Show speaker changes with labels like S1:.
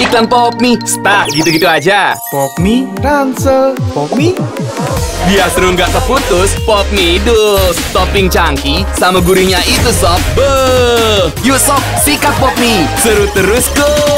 S1: Iklan Pop Mie, stuck gitu-gitu aja. Pop
S2: Mie, ransel. Pop Mie.
S1: Biar seru nggak terputus, Pop Mie dus. Topping cangki sama gurihnya itu sob. Yuk sob, sikat Pop Mie. Seru terus, kok.